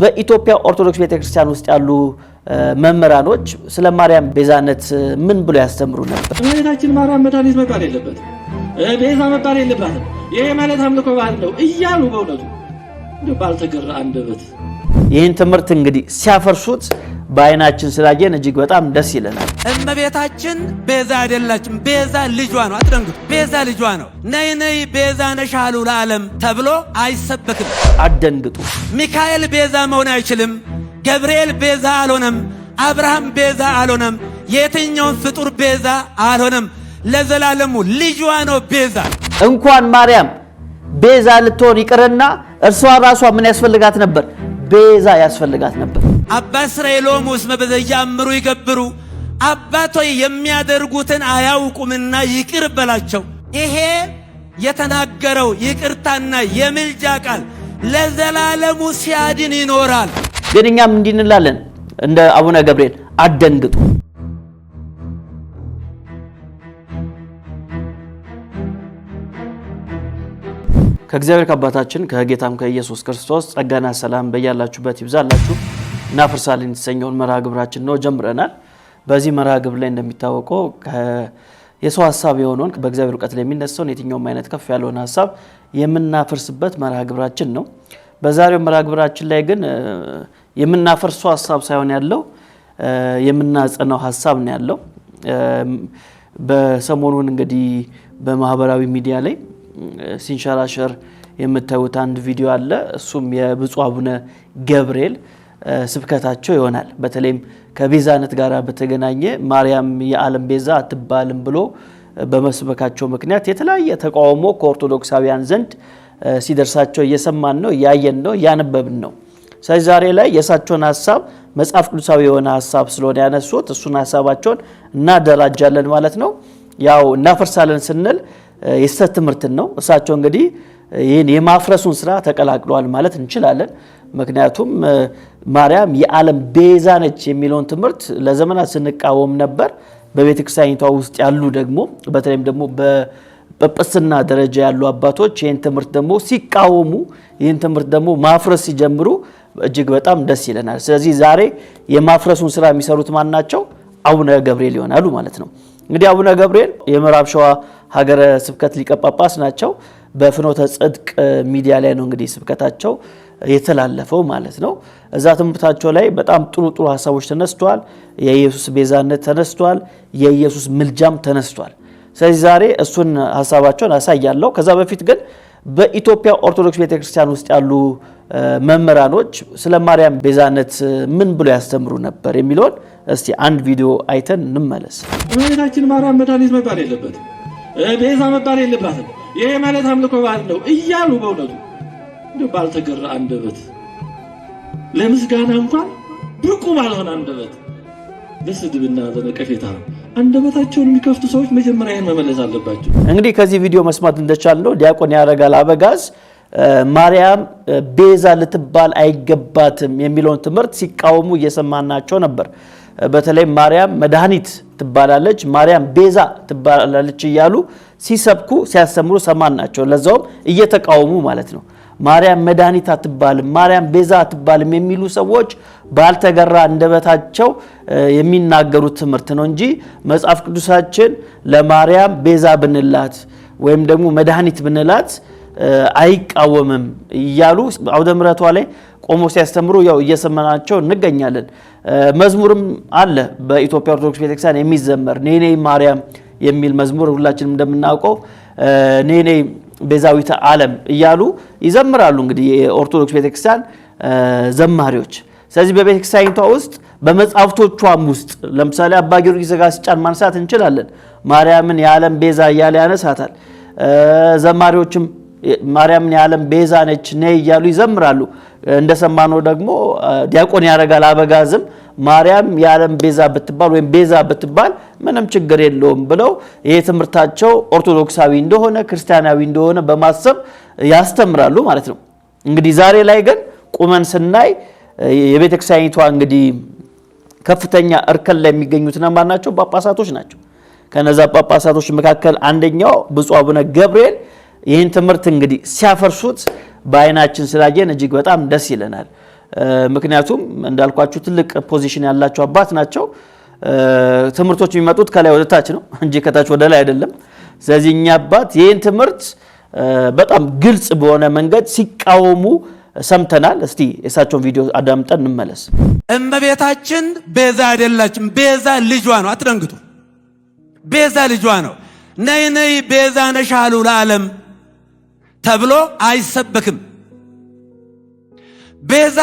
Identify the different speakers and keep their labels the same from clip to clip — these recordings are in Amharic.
Speaker 1: በኢትዮጵያ ኦርቶዶክስ ቤተክርስቲያን ውስጥ ያሉ መምህራኖች ስለ ማርያም ቤዛነት ምን ብሎ ያስተምሩ ነበር?
Speaker 2: እመቤታችን ማርያም መድኃኒት መባል የለበት ቤዛ መባል
Speaker 1: የለባትም፣ ይሄ ማለት አምልኮ ባህል ነው እያሉ በእውነቱ ባልተገራ አንደበት ይህን ትምህርት እንግዲህ ሲያፈርሱት በአይናችን ስላየን እጅግ በጣም ደስ ይለናል።
Speaker 2: እመቤታችን ቤዛ አይደላችን፣ ቤዛ ልጇ ነው። አትደንግጡ፣ ቤዛ ልጇ ነው። ነይ ነይ ቤዛ ነሻሉ ለዓለም ተብሎ አይሰበክም። አትደንግጡ። ሚካኤል ቤዛ መሆን አይችልም። ገብርኤል ቤዛ አልሆነም። አብርሃም ቤዛ አልሆነም። የትኛውን ፍጡር ቤዛ አልሆነም። ለዘላለሙ ልጇ ነው ቤዛ። እንኳን
Speaker 1: ማርያም ቤዛ ልትሆን ይቅርና እርሷ ራሷ ምን ያስፈልጋት ነበር? ቤዛ ያስፈልጋት ነበር።
Speaker 2: አባ እስራኤሎም ውስመ በዘያምሩ ይገብሩ አባቶ የሚያደርጉትን አያውቁምና ይቅር በላቸው። ይሄ የተናገረው ይቅርታና የምልጃ ቃል ለዘላለሙ ሲያድን ይኖራል።
Speaker 1: ግን እኛም እንዲህ እንደ አቡነ ገብርኤል አደንግጡ ከእግዚአብሔር ከአባታችን ከጌታም ከኢየሱስ ክርስቶስ ጸጋና ሰላም በያላችሁበት ይብዛላችሁ። እናፈርሳለን የተሰኘውን መርሃ ግብራችን ነው ጀምረናል። በዚህ መርሃ ግብር ላይ እንደሚታወቀው የሰው ሀሳብ የሆነውን በእግዚአብሔር እውቀት ላይ የሚነሳውን የትኛውም አይነት ከፍ ያለውን ሀሳብ የምናፈርስበት መርሃ ግብራችን ነው። በዛሬው መርሃ ግብራችን ላይ ግን የምናፈርሰው ሀሳብ ሳይሆን ያለው የምናጸናው ሀሳብ ነው ያለው። በሰሞኑን እንግዲህ በማህበራዊ ሚዲያ ላይ ሲንሸራሸር የምታዩት አንድ ቪዲዮ አለ። እሱም የብፁዕ አቡነ ገብርኤል ስብከታቸው ይሆናል። በተለይም ከቤዛነት ጋር በተገናኘ ማርያም የዓለም ቤዛ አትባልም ብሎ በመስበካቸው ምክንያት የተለያየ ተቃውሞ ከኦርቶዶክሳውያን ዘንድ ሲደርሳቸው እየሰማን ነው፣ እያየን ነው፣ እያነበብን ነው። ስለዚህ ዛሬ ላይ የእሳቸውን ሀሳብ መጽሐፍ ቅዱሳዊ የሆነ ሀሳብ ስለሆነ ያነሱት እሱን ሀሳባቸውን እናደራጃለን ማለት ነው። ያው እናፈርሳለን ስንል የስተት ትምህርትን ነው። እሳቸው እንግዲህ ይህን የማፍረሱን ስራ ተቀላቅለዋል ማለት እንችላለን። ምክንያቱም ማርያም የዓለም ቤዛ ነች የሚለውን ትምህርት ለዘመናት ስንቃወም ነበር። በቤተ ክርስቲያኒቷ ውስጥ ያሉ ደግሞ በተለይም ደግሞ በጵጵስና ደረጃ ያሉ አባቶች ይህን ትምህርት ደግሞ ሲቃወሙ፣ ይህን ትምህርት ደግሞ ማፍረስ ሲጀምሩ እጅግ በጣም ደስ ይለናል። ስለዚህ ዛሬ የማፍረሱን ስራ የሚሰሩት ማን ናቸው? አቡነ ገብርኤል ይሆናሉ ማለት ነው። እንግዲህ አቡነ ገብርኤል የምዕራብ ሸዋ ሀገረ ስብከት ሊቀ ጳጳስ ናቸው። በፍኖተ ጽድቅ ሚዲያ ላይ ነው እንግዲህ ስብከታቸው የተላለፈው ማለት ነው። እዛ ትምህርታቸው ላይ በጣም ጥሩ ጥሩ ሀሳቦች ተነስተዋል። የኢየሱስ ቤዛነት ተነስተዋል። የኢየሱስ ምልጃም ተነስተዋል። ስለዚህ ዛሬ እሱን ሀሳባቸውን አሳያለሁ። ከዛ በፊት ግን በኢትዮጵያ ኦርቶዶክስ ቤተክርስቲያን ውስጥ ያሉ መምህራኖች ስለ ማርያም ቤዛነት ምን ብሎ ያስተምሩ ነበር የሚለውን እስቲ አንድ ቪዲዮ አይተን እንመለስ።
Speaker 2: እመቤታችን ማርያም መድኃኒት መባል የለበትም ቤዛ መባል የለባትም ይሄ ማለት
Speaker 1: አምልኮ ባል ነው እያሉ በእውነቱ እንደ ባልተገራ አንደበት
Speaker 2: ለምስጋና እንኳን ብቁ ባልሆነ አንደበት ለስድብና ለነቀፌታ አንደበታቸውን የሚከፍቱ ሰዎች መጀመሪያ ይህን መመለስ አለባቸው።
Speaker 1: እንግዲህ ከዚህ ቪዲዮ መስማት እንደቻልነው ዲያቆን ያረጋል አበጋዝ ማርያም ቤዛ ልትባል አይገባትም የሚለውን ትምህርት ሲቃወሙ እየሰማናቸው ነበር። በተለይ ማርያም መድኃኒት ትባላለች፣ ማርያም ቤዛ ትባላለች እያሉ ሲሰብኩ ሲያስተምሩ ሰማን ናቸው። ለዛውም እየተቃወሙ ማለት ነው። ማርያም መድኃኒት አትባልም፣ ማርያም ቤዛ አትባልም የሚሉ ሰዎች ባልተገራ እንደበታቸው የሚናገሩት ትምህርት ነው እንጂ መጽሐፍ ቅዱሳችን ለማርያም ቤዛ ብንላት ወይም ደግሞ መድኃኒት ብንላት አይቃወምም እያሉ አውደ ምረቷ ላይ ቆሞ ሲያስተምሩ ያው እየሰመናቸው እንገኛለን። መዝሙርም አለ በኢትዮጵያ ኦርቶዶክስ ቤተክርስቲያን የሚዘመር ኔኔ ማርያም የሚል መዝሙር ሁላችንም እንደምናውቀው ኔኔ ቤዛዊተ ዓለም እያሉ ይዘምራሉ እንግዲህ የኦርቶዶክስ ቤተክርስቲያን ዘማሪዎች። ስለዚህ በቤተክርስቲያኒቷ ውስጥ በመጽሐፍቶቿም ውስጥ ለምሳሌ አባ ጊዮርጊስ ዘጋስጫን ማንሳት እንችላለን። ማርያምን የዓለም ቤዛ እያለ ያነሳታል። ዘማሪዎችም ማርያምን የዓለም ቤዛ ነች ነ እያሉ ይዘምራሉ። እንደሰማነው ደግሞ ዲያቆን ያደርጋል አበጋዝም ማርያም የዓለም ቤዛ ብትባል ወይም ቤዛ ብትባል ምንም ችግር የለውም ብለው ይህ ትምህርታቸው ኦርቶዶክሳዊ እንደሆነ ክርስቲያናዊ እንደሆነ በማሰብ ያስተምራሉ ማለት ነው። እንግዲህ ዛሬ ላይ ግን ቁመን ስናይ የቤተ ክርስቲያኒቷ እንግዲህ ከፍተኛ እርከን ላይ የሚገኙት እነማን ናቸው? ጳጳሳቶች ናቸው። ከነዛ ጳጳሳቶች መካከል አንደኛው ብፁዕ አቡነ ገብርኤል ይህን ትምህርት እንግዲህ ሲያፈርሱት በአይናችን ስላየን እጅግ በጣም ደስ ይለናል። ምክንያቱም እንዳልኳችሁ ትልቅ ፖዚሽን ያላቸው አባት ናቸው። ትምህርቶች የሚመጡት ከላይ ወደ ታች ነው እንጂ ከታች ወደ ላይ አይደለም። ስለዚህ እኛ አባት ይህን ትምህርት በጣም ግልጽ በሆነ መንገድ ሲቃወሙ ሰምተናል። እስቲ የእሳቸውን ቪዲዮ አዳምጠን እንመለስ።
Speaker 2: እመቤታችን ቤዛ አይደላችም። ቤዛ ልጇ ነው። አትደንግጡ። ቤዛ ልጇ ነው። ነይ ነይ ቤዛ ነሻሉ ለዓለም ተብሎ አይሰበክም። ቤዛ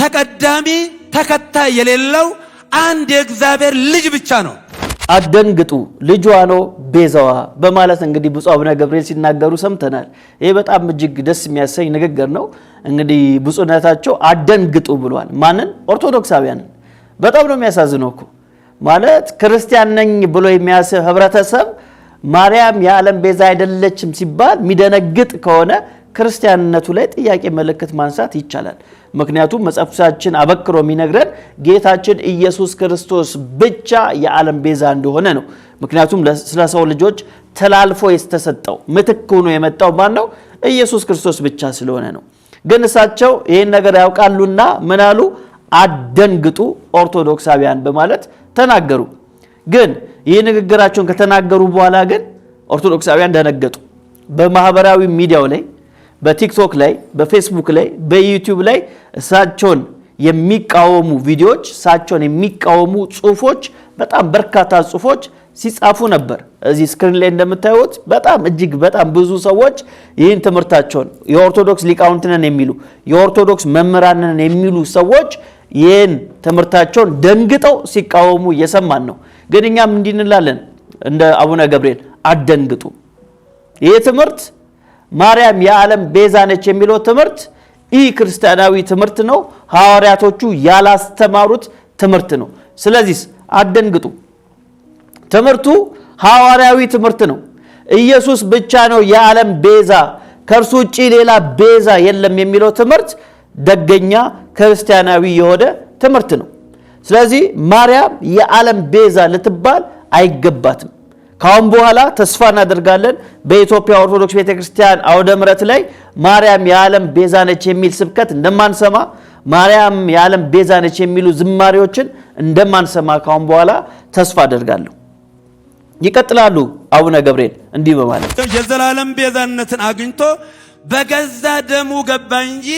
Speaker 2: ተቀዳሚ ተከታይ የሌለው አንድ የእግዚአብሔር ልጅ ብቻ ነው።
Speaker 1: አደንግጡ ልጇ ነው ቤዛዋ በማለት እንግዲህ ብፁዕ አቡነ ገብርኤል ሲናገሩ ሰምተናል። ይህ በጣም እጅግ ደስ የሚያሰኝ ንግግር ነው። እንግዲህ ብፁዕነታቸው አደንግጡ ብሏል። ማንን? ኦርቶዶክሳውያንን። በጣም ነው የሚያሳዝነው እኮ ማለት ክርስቲያን ነኝ ብሎ የሚያስብ ህብረተሰብ ማርያም የዓለም ቤዛ አይደለችም ሲባል የሚደነግጥ ከሆነ ክርስቲያንነቱ ላይ ጥያቄ ምልክት ማንሳት ይቻላል። ምክንያቱም መጽሐፍሳችን አበክሮ የሚነግረን ጌታችን ኢየሱስ ክርስቶስ ብቻ የዓለም ቤዛ እንደሆነ ነው። ምክንያቱም ስለ ሰው ልጆች ተላልፎ የተሰጠው ምትክ ሆኖ የመጣው ማን ነው? ኢየሱስ ክርስቶስ ብቻ ስለሆነ ነው። ግን እሳቸው ይህን ነገር ያውቃሉና ምናሉ አደንግጡ ኦርቶዶክሳውያን በማለት ተናገሩ። ግን ይህ ንግግራቸውን ከተናገሩ በኋላ ግን ኦርቶዶክሳውያን ደነገጡ። በማህበራዊ ሚዲያው ላይ በቲክቶክ ላይ በፌስቡክ ላይ በዩቲዩብ ላይ እሳቸውን የሚቃወሙ ቪዲዮዎች፣ እሳቸውን የሚቃወሙ ጽሁፎች፣ በጣም በርካታ ጽሁፎች ሲጻፉ ነበር። እዚህ ስክሪን ላይ እንደምታዩት በጣም እጅግ በጣም ብዙ ሰዎች ይህን ትምህርታቸውን የኦርቶዶክስ ሊቃውንትነን የሚሉ የኦርቶዶክስ መምህራንን የሚሉ ሰዎች ይህን ትምህርታቸውን ደንግጠው ሲቃወሙ እየሰማን ነው። ግን እኛም እንዲንላለን እንደ አቡነ ገብርኤል አደንግጡ። ይህ ትምህርት ማርያም የዓለም ቤዛ ነች የሚለው ትምህርት ኢ ክርስቲያናዊ ትምህርት ነው። ሐዋርያቶቹ ያላስተማሩት ትምህርት ነው። ስለዚህ አደንግጡ። ትምህርቱ ሐዋርያዊ ትምህርት ነው። ኢየሱስ ብቻ ነው የዓለም ቤዛ፣ ከእርሱ ውጪ ሌላ ቤዛ የለም የሚለው ትምህርት ደገኛ ክርስቲያናዊ የሆነ ትምህርት ነው። ስለዚህ ማርያም የዓለም ቤዛ ልትባል አይገባትም። ካሁን በኋላ ተስፋ እናደርጋለን በኢትዮጵያ ኦርቶዶክስ ቤተክርስቲያን አውደ ምረት ላይ ማርያም የዓለም ቤዛ ነች የሚል ስብከት እንደማንሰማ፣ ማርያም የዓለም ቤዛ ነች የሚሉ ዝማሬዎችን እንደማንሰማ ካሁን በኋላ ተስፋ አደርጋለሁ። ይቀጥላሉ አቡነ ገብርኤል እንዲህ በማለት
Speaker 2: የዘላለም ቤዛነትን አግኝቶ በገዛ ደሙ ገባ እንጂ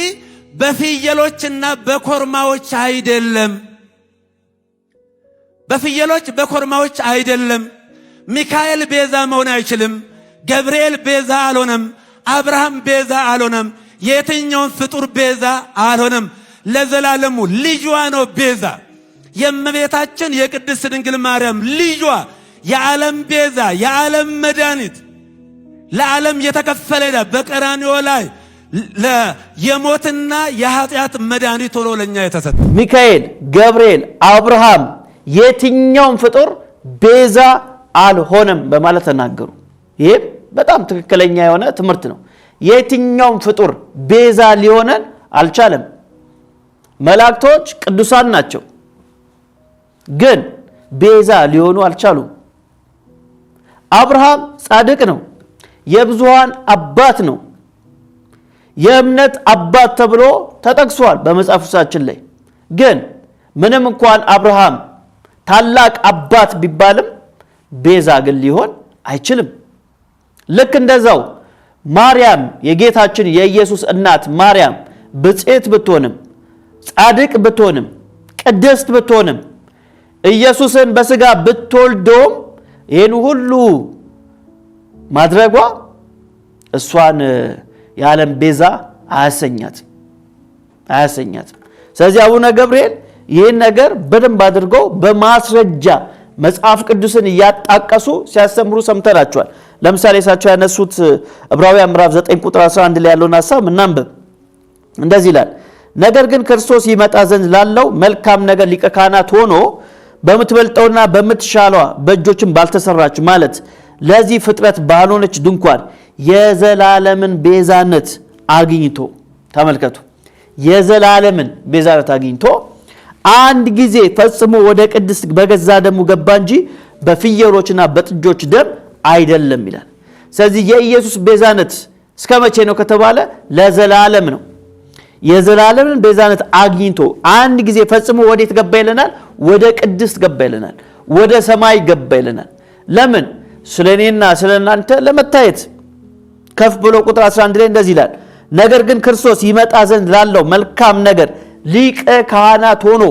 Speaker 2: በፍየሎችና በኮርማዎች አይደለም። በፍየሎች በኮርማዎች አይደለም። ሚካኤል ቤዛ መሆን አይችልም። ገብርኤል ቤዛ አልሆነም። አብርሃም ቤዛ አልሆነም። የትኛውን ፍጡር ቤዛ አልሆነም። ለዘላለሙ ልጇ ነው ቤዛ። የእመቤታችን የቅድስት ድንግል ማርያም ልጇ የዓለም ቤዛ፣ የዓለም መድኃኒት፣ ለዓለም የተከፈለ ዕዳ በቀራንዮ ላይ የሞትና የኃጢአት መድኃኒት ሆኖ ለእኛ የተሰጠ ሚካኤል፣ ገብርኤል፣ አብርሃም የትኛውም ፍጡር
Speaker 1: ቤዛ አልሆነም በማለት ተናገሩ። ይህም በጣም ትክክለኛ የሆነ ትምህርት ነው። የትኛውም ፍጡር ቤዛ ሊሆነን አልቻለም። መላእክቶች ቅዱሳን ናቸው፣ ግን ቤዛ ሊሆኑ አልቻሉም። አብርሃም ጻድቅ ነው፣ የብዙሃን አባት ነው የእምነት አባት ተብሎ ተጠቅሷል በመጽሐፍ ላይ ግን ምንም እንኳን አብርሃም ታላቅ አባት ቢባልም ቤዛ ግን ሊሆን አይችልም። ልክ እንደዛው ማርያም የጌታችን የኢየሱስ እናት ማርያም ብፅት ብትሆንም ጻድቅ ብትሆንም ቅድስት ብትሆንም ኢየሱስን በስጋ ብትወልዶም ይህን ሁሉ ማድረጓ እሷን የዓለም ቤዛ አያሰኛትም አያሰኛትም። ስለዚህ አቡነ ገብርኤል ይህን ነገር በደንብ አድርገው በማስረጃ መጽሐፍ ቅዱስን እያጣቀሱ ሲያስተምሩ ሰምተናቸዋል። ለምሳሌ እሳቸው ያነሱት ዕብራውያን ምዕራፍ 9 ቁጥር 11 ላይ ያለውን ሀሳብ እናንብብ። እንደዚህ ይላል፣ ነገር ግን ክርስቶስ ይመጣ ዘንድ ላለው መልካም ነገር ሊቀ ካህናት ሆኖ በምትበልጠውና በምትሻሏ በእጆችን ባልተሰራች ማለት ለዚህ ፍጥረት ባልሆነች ድንኳን የዘላለምን ቤዛነት አግኝቶ ተመልከቱ፣ የዘላለምን ቤዛነት አግኝቶ አንድ ጊዜ ፈጽሞ ወደ ቅድስት በገዛ ደሙ ገባ እንጂ በፍየሎችና በጥጆች ደም አይደለም ይላል። ስለዚህ የኢየሱስ ቤዛነት እስከ መቼ ነው ከተባለ ለዘላለም ነው። የዘላለምን ቤዛነት አግኝቶ አንድ ጊዜ ፈጽሞ ወዴት ገባ ይለናል? ወደ ቅድስት ገባ ይለናል። ወደ ሰማይ ገባ ይለናል። ለምን? ስለ እኔና ስለ እናንተ ለመታየት ከፍ ብሎ ቁጥር 11 ላይ እንደዚህ ይላል፣ ነገር ግን ክርስቶስ ይመጣ ዘንድ ላለው መልካም ነገር ሊቀ ካህናት ሆኖ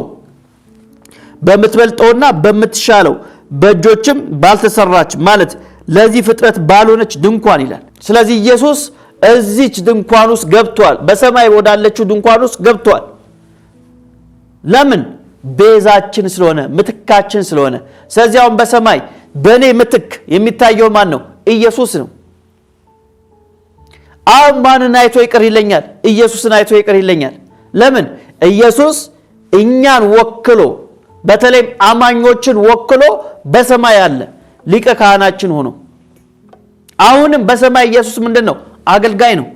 Speaker 1: በምትበልጠውና በምትሻለው በእጆችም ባልተሰራች ማለት ለዚህ ፍጥረት ባልሆነች ድንኳን ይላል። ስለዚህ ኢየሱስ እዚች ድንኳን ውስጥ ገብቷል። በሰማይ ወዳለችው ድንኳን ውስጥ ገብቷል። ለምን? ቤዛችን ስለሆነ፣ ምትካችን ስለሆነ። ስለዚህ አሁን በሰማይ በእኔ ምትክ የሚታየው ማን ነው? ኢየሱስ ነው። አሁን ማንን አይቶ ይቅር ይለኛል? ኢየሱስን አይቶ ይቅር ይለኛል። ለምን? ኢየሱስ እኛን ወክሎ በተለይም አማኞችን ወክሎ በሰማይ አለ ሊቀ ካህናችን ሆኖ አሁንም በሰማይ ኢየሱስ ምንድን ነው? አገልጋይ ነው።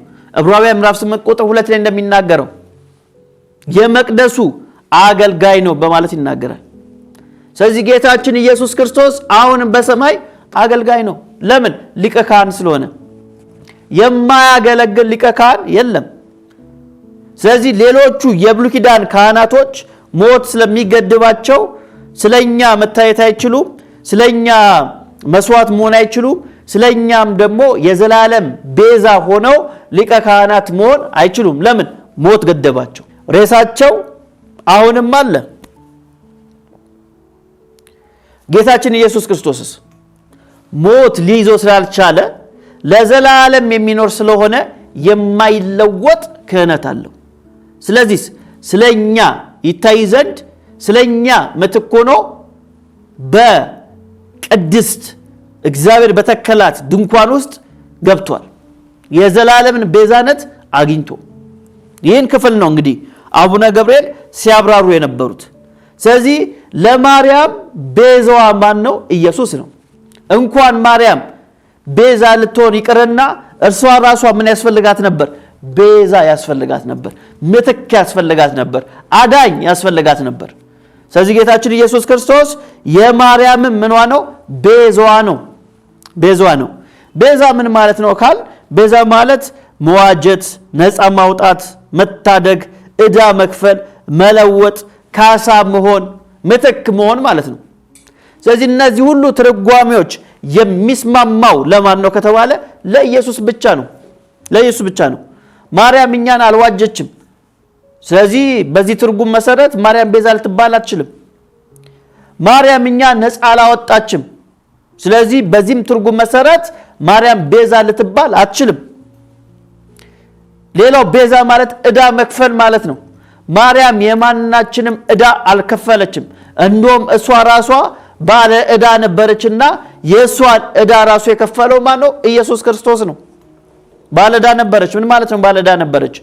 Speaker 1: ዕብራውያን ምዕራፍ 8 ቁጥር ሁለት ላይ እንደሚናገረው የመቅደሱ አገልጋይ ነው በማለት ይናገራል። ስለዚህ ጌታችን ኢየሱስ ክርስቶስ አሁንም በሰማይ አገልጋይ ነው። ለምን? ሊቀ ካህን ስለሆነ የማያገለግል ሊቀ ካህን የለም። ስለዚህ ሌሎቹ የብሉይ ኪዳን ካህናቶች ሞት ስለሚገድባቸው ስለኛ መታየት አይችሉም፣ ስለኛ መስዋዕት መሆን አይችሉም፣ ስለኛም ደግሞ የዘላለም ቤዛ ሆነው ሊቀ ካህናት መሆን አይችሉም። ለምን? ሞት ገደባቸው። ሬሳቸው አሁንም አለ። ጌታችን ኢየሱስ ክርስቶስስ ሞት ሊይዞ ስላልቻለ ለዘላለም የሚኖር ስለሆነ የማይለወጥ ክህነት አለው። ስለዚህ ስለ እኛ ይታይ ዘንድ ስለ እኛ ምትክ ሆኖ በቅድስት እግዚአብሔር በተከላት ድንኳን ውስጥ ገብቷል። የዘላለምን ቤዛነት አግኝቶ ይህን ክፍል ነው እንግዲህ አቡነ ገብርኤል ሲያብራሩ የነበሩት። ስለዚህ ለማርያም ቤዛዋ ማን ነው? ኢየሱስ ነው። እንኳን ማርያም ቤዛ ልትሆን ይቅርና እርሷ ራሷ ምን ያስፈልጋት ነበር? ቤዛ ያስፈልጋት ነበር። ምትክ ያስፈልጋት ነበር። አዳኝ ያስፈልጋት ነበር። ስለዚህ ጌታችን ኢየሱስ ክርስቶስ የማርያምን ምኗ ነው? ቤዛዋ ነው። ቤዛዋ ነው። ቤዛ ምን ማለት ነው ካል ቤዛ ማለት መዋጀት፣ ነፃ ማውጣት፣ መታደግ፣ ዕዳ መክፈል፣ መለወጥ፣ ካሳ መሆን፣ ምትክ መሆን ማለት ነው። ስለዚህ እነዚህ ሁሉ ትርጓሜዎች የሚስማማው ለማን ነው ከተባለ ለኢየሱስ ብቻ ነው። ለኢየሱስ ብቻ ነው። ማርያም እኛን አልዋጀችም። ስለዚህ በዚህ ትርጉም መሰረት ማርያም ቤዛ ልትባል አትችልም። ማርያም እኛን ነፃ አላወጣችም። ስለዚህ በዚህም ትርጉም መሰረት ማርያም ቤዛ ልትባል አትችልም። ሌላው ቤዛ ማለት እዳ መክፈል ማለት ነው። ማርያም የማናችንም እዳ አልከፈለችም። እንዲሁም እሷ ራሷ ባለ ዕዳ ነበረችና የእሷን ዕዳ ራሱ የከፈለው ማን ነው? ኢየሱስ ክርስቶስ ነው። ባለ ዕዳ ነበረች። ምን ማለት ነው? ባለ ዕዳ ነበረች።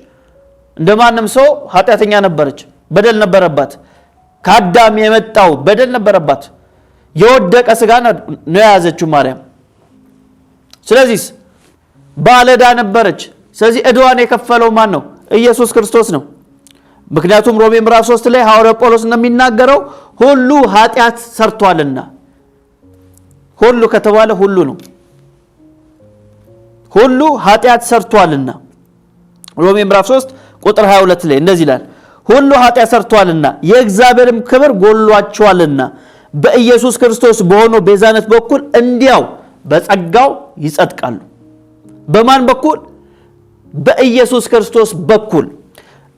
Speaker 1: እንደ ማንም ሰው ኃጢአተኛ ነበረች። በደል ነበረባት። ከአዳም የመጣው በደል ነበረባት። የወደቀ ስጋ ነው የያዘችው ማርያም። ስለዚህ ባለ ዕዳ ነበረች። ስለዚህ ዕዳዋን የከፈለው ማን ነው? ኢየሱስ ክርስቶስ ነው። ምክንያቱም ሮሜ ምዕራፍ 3 ላይ ሐዋርያ ጳውሎስ እንደሚናገረው ሁሉ ኃጢአት ሰርቷልና። ሁሉ ከተባለ ሁሉ ነው። ሁሉ ኃጢአት ሰርቷልና ሮሜ ምዕራፍ 3 ቁጥር 22 ላይ እንደዚህ ይላል፣ ሁሉ ኃጢአት ሰርቷልና የእግዚአብሔርም ክብር ጎሏቸዋልና በኢየሱስ ክርስቶስ በሆነው ቤዛነት በኩል እንዲያው በጸጋው ይጸድቃሉ። በማን በኩል? በኢየሱስ ክርስቶስ በኩል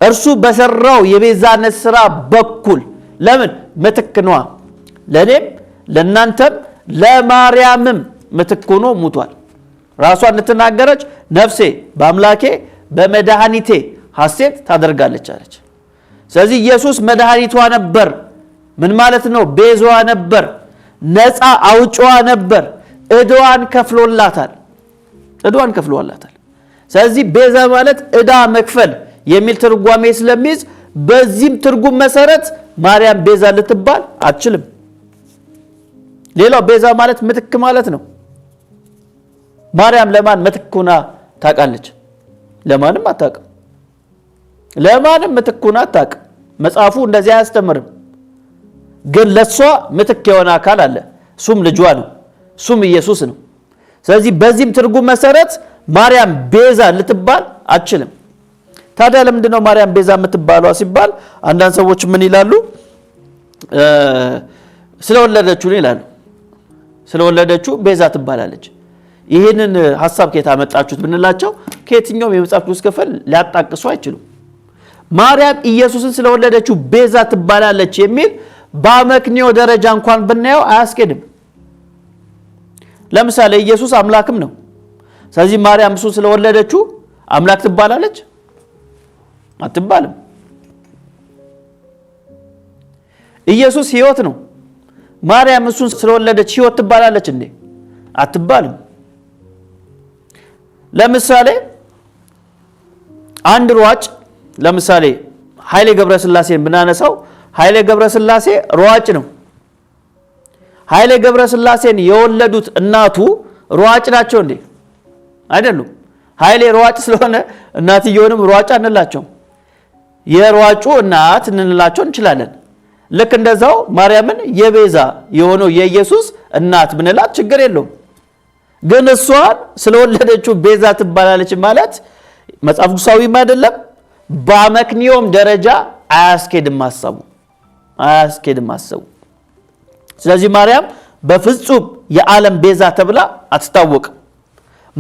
Speaker 1: እርሱ በሰራው የቤዛነት ስራ በኩል ለምን ምትክኗ ለኔም ለእኔም ለእናንተም ለማርያምም ምትክ ሆኖ ሙቷል። ራሷ እንትናገረች ነፍሴ በአምላኬ በመድኃኒቴ ሐሴት ታደርጋለች አለች። ስለዚህ ኢየሱስ መድኃኒቷ ነበር። ምን ማለት ነው? ቤዛዋ ነበር፣ ነፃ አውጭዋ ነበር። እድዋን ከፍሎላታል፣ እድዋን ከፍሎላታል። ስለዚህ ቤዛ ማለት እዳ መክፈል የሚል ትርጓሜ ስለሚይዝ በዚህም ትርጉም መሰረት ማርያም ቤዛ ልትባል አትችልም። ሌላው ቤዛ ማለት ምትክ ማለት ነው። ማርያም ለማን ምትክ ሆና ታውቃለች? ለማንም አታውቅም። ለማንም ምትክ ሆና አታውቅም። መጽሐፉ እንደዚህ አያስተምርም። ግን ለእሷ ምትክ የሆነ አካል አለ። እሱም ልጇ ነው። እሱም ኢየሱስ ነው። ስለዚህ በዚህም ትርጉም መሰረት ማርያም ቤዛ ልትባል አትችልም። ታዲያ ለምንድነው ነው ማርያም ቤዛ የምትባሏ ሲባል አንዳንድ ሰዎች ምን ይላሉ? ስለወለደችው ነው ይላሉ። ስለወለደችው ቤዛ ትባላለች። ይህንን ሀሳብ ከየት አመጣችሁት ብንላቸው ከየትኛውም የመጽሐፍ ቅዱስ ክፍል ሊያጣቅሱ አይችሉም። ማርያም ኢየሱስን ስለወለደችው ቤዛ ትባላለች የሚል በአመክንዮ ደረጃ እንኳን ብናየው አያስኬድም። ለምሳሌ ኢየሱስ አምላክም ነው። ስለዚህ ማርያም እሱን ስለወለደችው አምላክ ትባላለች አትባልም። ኢየሱስ ህይወት ነው። ማርያም እሱን ስለወለደች ህይወት ትባላለች እንዴ? አትባልም። ለምሳሌ አንድ ሯጭ ለምሳሌ ኃይሌ ገብረስላሴን ብናነሳው ኃይሌ ገብረስላሴ ሯጭ ነው። ኃይሌ ገብረስላሴን የወለዱት እናቱ ሯጭ ናቸው እንዴ? አይደሉም። ኃይሌ ሯጭ ስለሆነ እናትየውንም ሯጭ አንላቸውም። የሯጩ እናት እንንላቸው እንችላለን። ልክ እንደዛው ማርያምን የቤዛ የሆነው የኢየሱስ እናት ምንላት ችግር የለውም። ግን እሷን ስለወለደችው ቤዛ ትባላለች ማለት መጽሐፍ ቅዱሳዊም አይደለም። በአመክንዮም ደረጃ አያስኬድም አሰቡ አያስኬድም አሰቡ። ስለዚህ ማርያም በፍጹም የዓለም ቤዛ ተብላ አትታወቅም።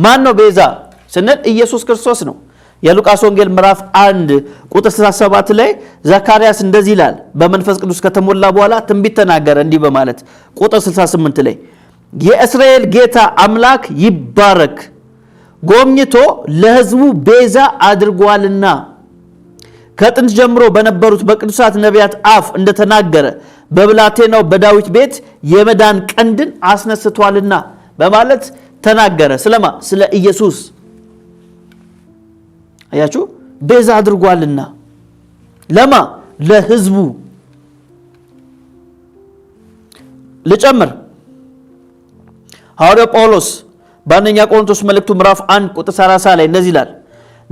Speaker 1: ማን ነው ቤዛ ስንል ኢየሱስ ክርስቶስ ነው። የሉቃስ ወንጌል ምዕራፍ 1 ቁጥር 67 ላይ ዘካርያስ እንደዚህ ይላል፣ በመንፈስ ቅዱስ ከተሞላ በኋላ ትንቢት ተናገረ እንዲህ በማለት ቁጥር 68 ላይ የእስራኤል ጌታ አምላክ ይባረክ፣ ጎብኝቶ ለሕዝቡ ቤዛ አድርጓልና ከጥንት ጀምሮ በነበሩት በቅዱሳት ነቢያት አፍ እንደተናገረ በብላቴናው በዳዊት ቤት የመዳን ቀንድን አስነስቷልና በማለት ተናገረ። ስለማ ስለ ኢየሱስ አያችሁ ቤዛ አድርጓልና ለማ ለህዝቡ ልጨምር ሐዋርያው ጳውሎስ በአንደኛ ቆሮንቶስ መልእክቱ ምዕራፍ 1 ቁጥር 30 ላይ እንደዚህ ይላል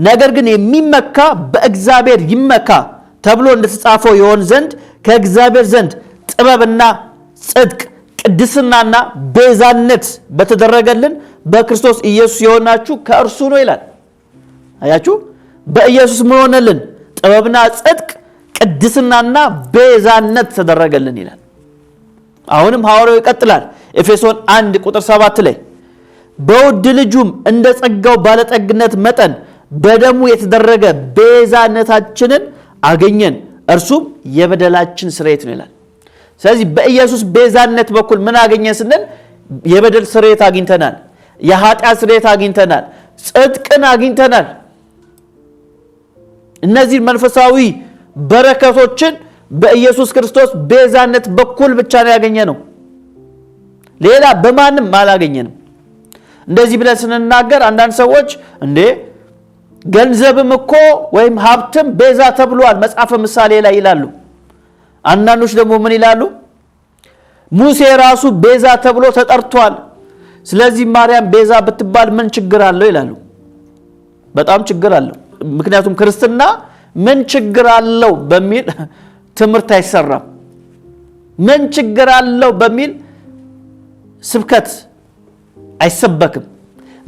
Speaker 1: ነገር ግን የሚመካ በእግዚአብሔር ይመካ ተብሎ እንደተጻፈው የሆን ዘንድ ከእግዚአብሔር ዘንድ ጥበብና ጽድቅ ቅድስናና ቤዛነት በተደረገልን በክርስቶስ ኢየሱስ የሆናችሁ ከእርሱ ነው ይላል አያችሁ በኢየሱስ ምን ሆነልን? ጥበብና ጽድቅ፣ ቅድስናና ቤዛነት ተደረገልን ይላል። አሁንም ሐዋርያው ይቀጥላል። ኤፌሶን 1 ቁጥር 7 ላይ በውድ ልጁም እንደ ጸጋው ባለጠግነት መጠን በደሙ የተደረገ ቤዛነታችንን አገኘን፣ እርሱም የበደላችን ስርየት ነው ይላል። ስለዚህ በኢየሱስ ቤዛነት በኩል ምን አገኘን ስንል የበደል ስርየት አግኝተናል፣ የኃጢአት ስርየት አግኝተናል፣ ጽድቅን አግኝተናል። እነዚህን መንፈሳዊ በረከቶችን በኢየሱስ ክርስቶስ ቤዛነት በኩል ብቻ ነው ያገኘ ነው። ሌላ በማንም አላገኘንም። እንደዚህ ብለን ስንናገር አንዳንድ ሰዎች እንዴ ገንዘብም እኮ ወይም ሀብትም ቤዛ ተብሏል መጽሐፈ ምሳሌ ላይ ይላሉ። አንዳንዶች ደግሞ ምን ይላሉ? ሙሴ ራሱ ቤዛ ተብሎ ተጠርቷል። ስለዚህ ማርያም ቤዛ ብትባል ምን ችግር አለው ይላሉ። በጣም ችግር አለው። ምክንያቱም ክርስትና ምን ችግር አለው በሚል ትምህርት አይሰራም። ምን ችግር አለው በሚል ስብከት አይሰበክም።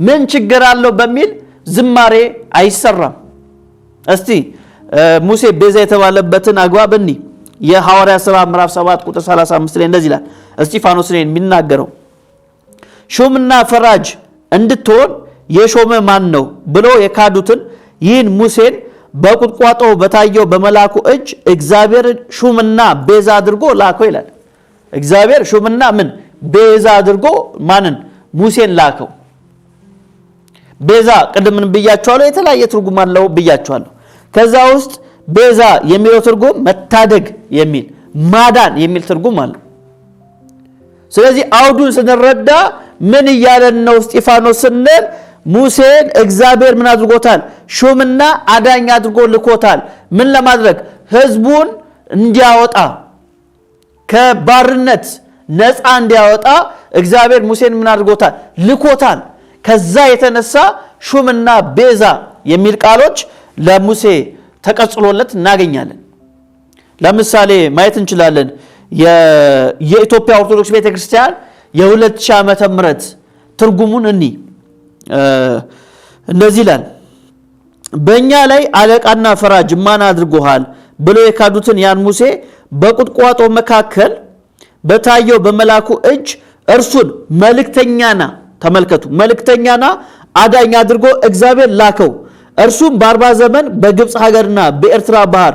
Speaker 1: ምን ችግር አለው በሚል ዝማሬ አይሰራም። እስቲ ሙሴ ቤዛ የተባለበትን አግባብ እኒ የሐዋርያ ሥራ ምዕራፍ 7 ቁጥር 35 ላይ እንደዚህ ይላል። እስጢፋኖስ ነው የሚናገረው። ሹምና ፈራጅ እንድትሆን የሾመ ማን ነው ብሎ የካዱትን ይህን ሙሴን በቁጥቋጦ በታየው በመላኩ እጅ እግዚአብሔር ሹምና ቤዛ አድርጎ ላከው ይላል። እግዚአብሔር ሹምና ምን ቤዛ አድርጎ ማንን ሙሴን ላከው። ቤዛ ቅድምን ብያቸዋለሁ፣ የተለያየ ትርጉም አለው ብያቸዋለሁ። ከዛ ውስጥ ቤዛ የሚለው ትርጉም መታደግ የሚል ማዳን የሚል ትርጉም አለ። ስለዚህ አውዱን ስንረዳ ምን እያለን ነው እስጢፋኖስ ስንል ሙሴን እግዚአብሔር ምን አድርጎታል? ሹምና አዳኝ አድርጎ ልኮታል። ምን ለማድረግ ህዝቡን እንዲያወጣ ከባርነት ነፃ እንዲያወጣ እግዚአብሔር ሙሴን ምን አድርጎታል? ልኮታል። ከዛ የተነሳ ሹምና ቤዛ የሚል ቃሎች ለሙሴ ተቀጽሎለት እናገኛለን። ለምሳሌ ማየት እንችላለን። የኢትዮጵያ ኦርቶዶክስ ቤተክርስቲያን የ2000 ዓመተ ምህረት ትርጉሙን እኒህ እንደዚህ ይላል በእኛ ላይ አለቃና ፈራጅ ማን አድርጎሃል ብለው የካዱትን ያን ሙሴ በቁጥቋጦ መካከል በታየው በመላኩ እጅ እርሱን መልእክተኛና ተመልከቱ መልእክተኛና አዳኝ አድርጎ እግዚአብሔር ላከው እርሱም በአርባ ዘመን በግብፅ ሀገርና በኤርትራ ባህር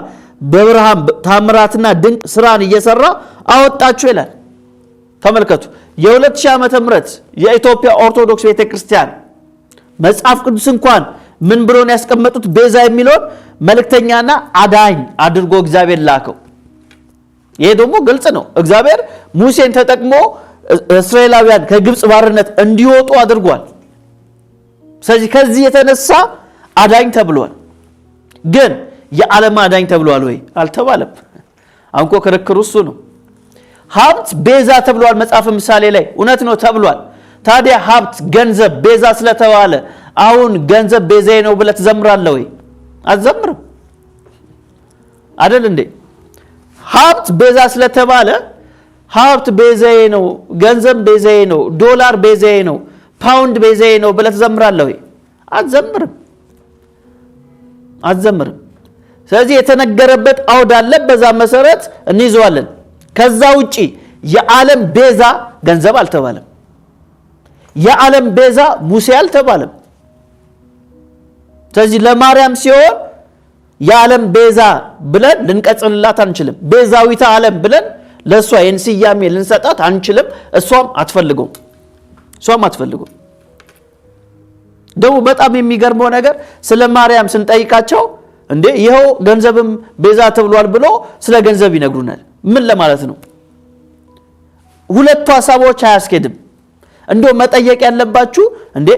Speaker 1: በብርሃን ታምራትና ድንቅ ስራን እየሰራ አወጣችሁ ይላል ተመልከቱ የ2000 ዓ ም የኢትዮጵያ ኦርቶዶክስ ቤተክርስቲያን መጽሐፍ ቅዱስ እንኳን ምን ብሎን ያስቀመጡት ቤዛ የሚለውን መልእክተኛና አዳኝ አድርጎ እግዚአብሔር ላከው። ይሄ ደግሞ ግልጽ ነው። እግዚአብሔር ሙሴን ተጠቅሞ እስራኤላውያን ከግብፅ ባርነት እንዲወጡ አድርጓል። ስለዚህ ከዚህ የተነሳ አዳኝ ተብሏል። ግን የዓለም አዳኝ ተብሏል ወይ አልተባለም። አንኮ ክርክር እሱ ነው። ሀብት ቤዛ ተብሏል። መጽሐፍ ምሳሌ ላይ እውነት ነው ተብሏል። ታዲያ ሀብት ገንዘብ ቤዛ ስለተባለ አሁን ገንዘብ ቤዛዬ ነው ብለህ ትዘምራለህ ወይ? አትዘምርም አደል እንዴ? ሀብት ቤዛ ስለተባለ ሀብት ቤዛዬ ነው፣ ገንዘብ ቤዛዬ ነው፣ ዶላር ቤዛዬ ነው፣ ፓውንድ ቤዛዬ ነው ብለህ ትዘምራለህ ወይ? አትዘምርም አትዘምርም። ስለዚህ የተነገረበት አውድ አለ። በዛ መሰረት እንይዘዋለን። ከዛ ውጪ የዓለም ቤዛ ገንዘብ አልተባለም። የዓለም ቤዛ ሙሴ አልተባለም። ስለዚህ ለማርያም ሲሆን የዓለም ቤዛ ብለን ልንቀጽልላት አንችልም። ቤዛዊተ ዓለም ብለን ለእሷ ይህን ስያሜ ልንሰጣት አንችልም። እሷም አትፈልጉም፣ እሷም አትፈልጉም። ደግሞ በጣም የሚገርመው ነገር ስለ ማርያም ስንጠይቃቸው እንዴ ይኸው ገንዘብም ቤዛ ተብሏል ብሎ ስለ ገንዘብ ይነግሩናል። ምን ለማለት ነው? ሁለቱ ሀሳቦች አያስኬድም። እንዲሁ መጠየቅ ያለባችሁ እንዴ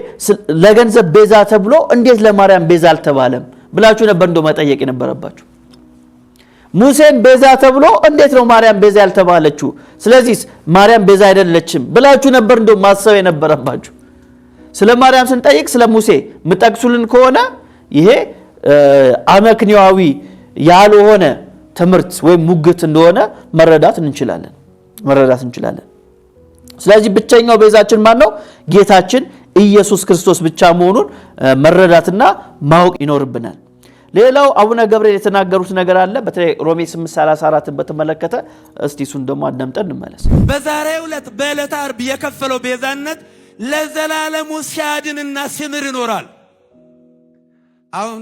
Speaker 1: ለገንዘብ ቤዛ ተብሎ እንዴት ለማርያም ቤዛ አልተባለም ብላችሁ ነበር እንደ መጠየቅ የነበረባችሁ። ሙሴን ቤዛ ተብሎ እንዴት ነው ማርያም ቤዛ ያልተባለችው? ስለዚህ ማርያም ቤዛ አይደለችም ብላችሁ ነበር እንደ ማሰብ የነበረባችሁ። ስለ ማርያም ስንጠይቅ ስለ ሙሴ የምጠቅሱልን ከሆነ ይሄ አመክንያዊ ያልሆነ ትምህርት ወይም ሙግት እንደሆነ መረዳት እንችላለን መረዳት እንችላለን። ስለዚህ ብቸኛው ቤዛችን ማን ነው? ጌታችን ኢየሱስ ክርስቶስ ብቻ መሆኑን መረዳትና ማወቅ ይኖርብናል። ሌላው አቡነ ገብርኤል የተናገሩት ነገር አለ። በተለይ ሮሜ 834ን በተመለከተ እስቲ እሱን ደግሞ አዳምጠን እንመለስ።
Speaker 2: በዛሬው ዕለት በዕለተ ዓርብ የከፈለው ቤዛነት ለዘላለሙ ሲያድንና ሲምር ይኖራል። አሁን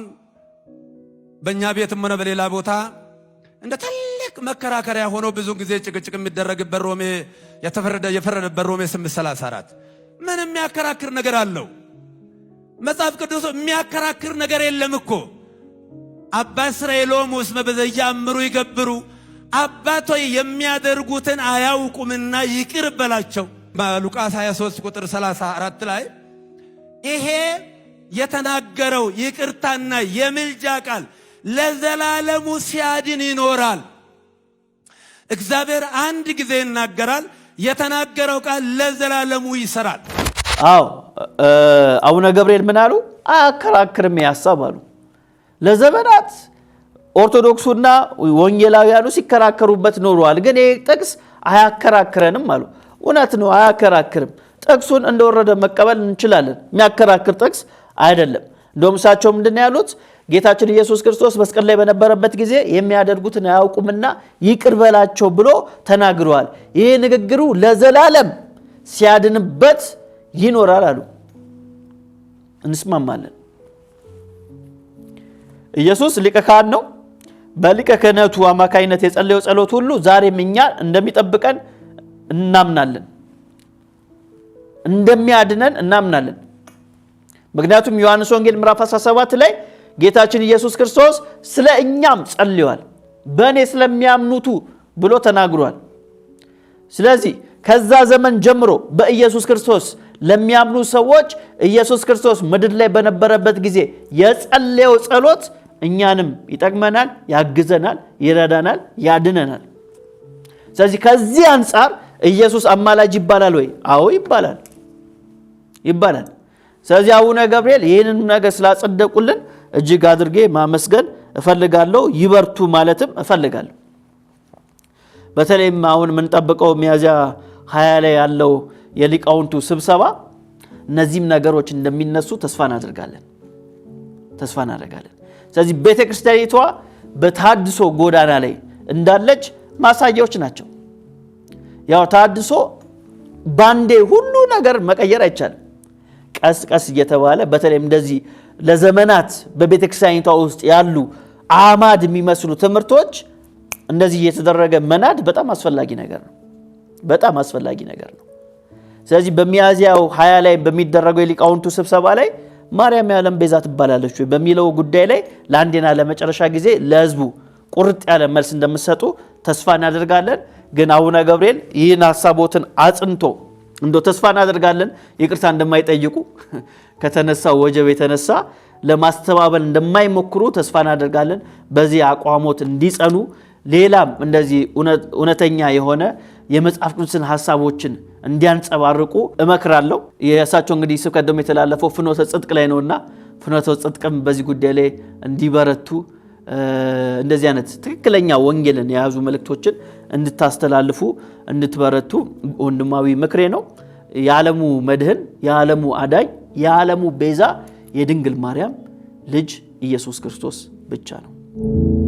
Speaker 2: በእኛ ቤትም ሆነ በሌላ ቦታ እንደ ትልቅ መከራከሪያ ሆኖ ብዙ ጊዜ ጭቅጭቅ የሚደረግበት ሮሜ የተፈረደ የፈረደበት ሮሜ 834 ምን የሚያከራክር ነገር አለው? መጽሐፍ ቅዱስ የሚያከራክር ነገር የለም እኮ። አባ እስራኤሎም ውስመ በዘያእምሩ ይገብሩ፣ አባቶይ የሚያደርጉትን አያውቁምና ይቅር በላቸው። በሉቃስ 23 ቁጥር 34 ላይ ይሄ የተናገረው ይቅርታና የምልጃ ቃል ለዘላለሙ ሲያድን ይኖራል። እግዚአብሔር አንድ ጊዜ ይናገራል። የተናገረው ቃል ለዘላለሙ ይሰራል።
Speaker 1: አዎ አቡነ ገብርኤል ምን አሉ? አያከራክርም ሀሳብ አሉ። ለዘመናት ኦርቶዶክሱና ወንጌላውያኑ ሲከራከሩበት ኖረዋል። ግን ይህ ጥቅስ አያከራክረንም አሉ። እውነት ነው፣ አያከራክርም። ጥቅሱን እንደወረደ መቀበል እንችላለን። የሚያከራክር ጥቅስ አይደለም። እንደውም እሳቸው ምንድን ያሉት ጌታችን ኢየሱስ ክርስቶስ መስቀል ላይ በነበረበት ጊዜ የሚያደርጉትን አያውቁምና ይቅር በላቸው ብሎ ተናግረዋል። ይህ ንግግሩ ለዘላለም ሲያድንበት ይኖራል አሉ። እንስማማለን። ኢየሱስ ሊቀ ካህን ነው። በሊቀ ክህነቱ አማካኝነት የጸለየው ጸሎት ሁሉ ዛሬም እኛ እንደሚጠብቀን እናምናለን፣ እንደሚያድነን እናምናለን። ምክንያቱም ዮሐንስ ወንጌል ምዕራፍ 17 ላይ ጌታችን ኢየሱስ ክርስቶስ ስለ እኛም ጸልዋል በእኔ ስለሚያምኑቱ ብሎ ተናግሯል። ስለዚህ ከዛ ዘመን ጀምሮ በኢየሱስ ክርስቶስ ለሚያምኑ ሰዎች ኢየሱስ ክርስቶስ ምድር ላይ በነበረበት ጊዜ የጸለየው ጸሎት እኛንም ይጠቅመናል፣ ያግዘናል፣ ይረዳናል፣ ያድነናል። ስለዚህ ከዚህ አንጻር ኢየሱስ አማላጅ ይባላል ወይ? አዎ ይባላል ይባላል። ስለዚህ አቡነ ገብርኤል ይህንን ነገር ስላጸደቁልን እጅግ አድርጌ ማመስገን እፈልጋለሁ። ይበርቱ ማለትም እፈልጋለሁ። በተለይም አሁን የምንጠብቀው ሚያዝያ ሀያ ላይ ያለው የሊቃውንቱ ስብሰባ እነዚህም ነገሮች እንደሚነሱ ተስፋ እናደርጋለን ተስፋ እናደርጋለን። ስለዚህ ቤተ ክርስቲያኒቷ በታድሶ ጎዳና ላይ እንዳለች ማሳያዎች ናቸው። ያው ታድሶ ባንዴ ሁሉ ነገር መቀየር አይቻልም። ቀስ ቀስ እየተባለ በተለይም እንደዚህ ለዘመናት በቤተ ክርስቲያኒቷ ውስጥ ያሉ አማድ የሚመስሉ ትምህርቶች እንደዚህ እየተደረገ መናድ በጣም አስፈላጊ ነገር ነው። በጣም አስፈላጊ ነገር ነው። ስለዚህ በሚያዝያው ሀያ ላይ በሚደረገው የሊቃውንቱ ስብሰባ ላይ ማርያም የዓለም ቤዛ ትባላለች ወይ በሚለው ጉዳይ ላይ ለአንዴና ለመጨረሻ ጊዜ ለህዝቡ ቁርጥ ያለ መልስ እንደምትሰጡ ተስፋ እናደርጋለን። ግን አቡነ ገብርኤል ይህን ሀሳቦትን አጽንቶ እንዶ ተስፋ እናደርጋለን ይቅርታ እንደማይጠይቁ ከተነሳው ወጀብ የተነሳ ለማስተባበል እንደማይሞክሩ ተስፋ እናደርጋለን። በዚህ አቋሞት እንዲጸኑ፣ ሌላም እንደዚህ እውነተኛ የሆነ የመጽሐፍ ቅዱስን ሀሳቦችን እንዲያንጸባርቁ እመክራለሁ። የእሳቸው እንግዲህ ስብከት ደግሞ የተላለፈው ፍኖተ ጽድቅ ላይ ነውና ፍኖተ ጽድቅም በዚህ ጉዳይ ላይ እንዲበረቱ እንደዚህ አይነት ትክክለኛ ወንጌልን የያዙ መልእክቶችን እንድታስተላልፉ እንድትበረቱ ወንድማዊ ምክሬ ነው። የዓለሙ መድህን፣ የዓለሙ አዳኝ፣ የዓለሙ ቤዛ የድንግል ማርያም ልጅ ኢየሱስ ክርስቶስ ብቻ ነው።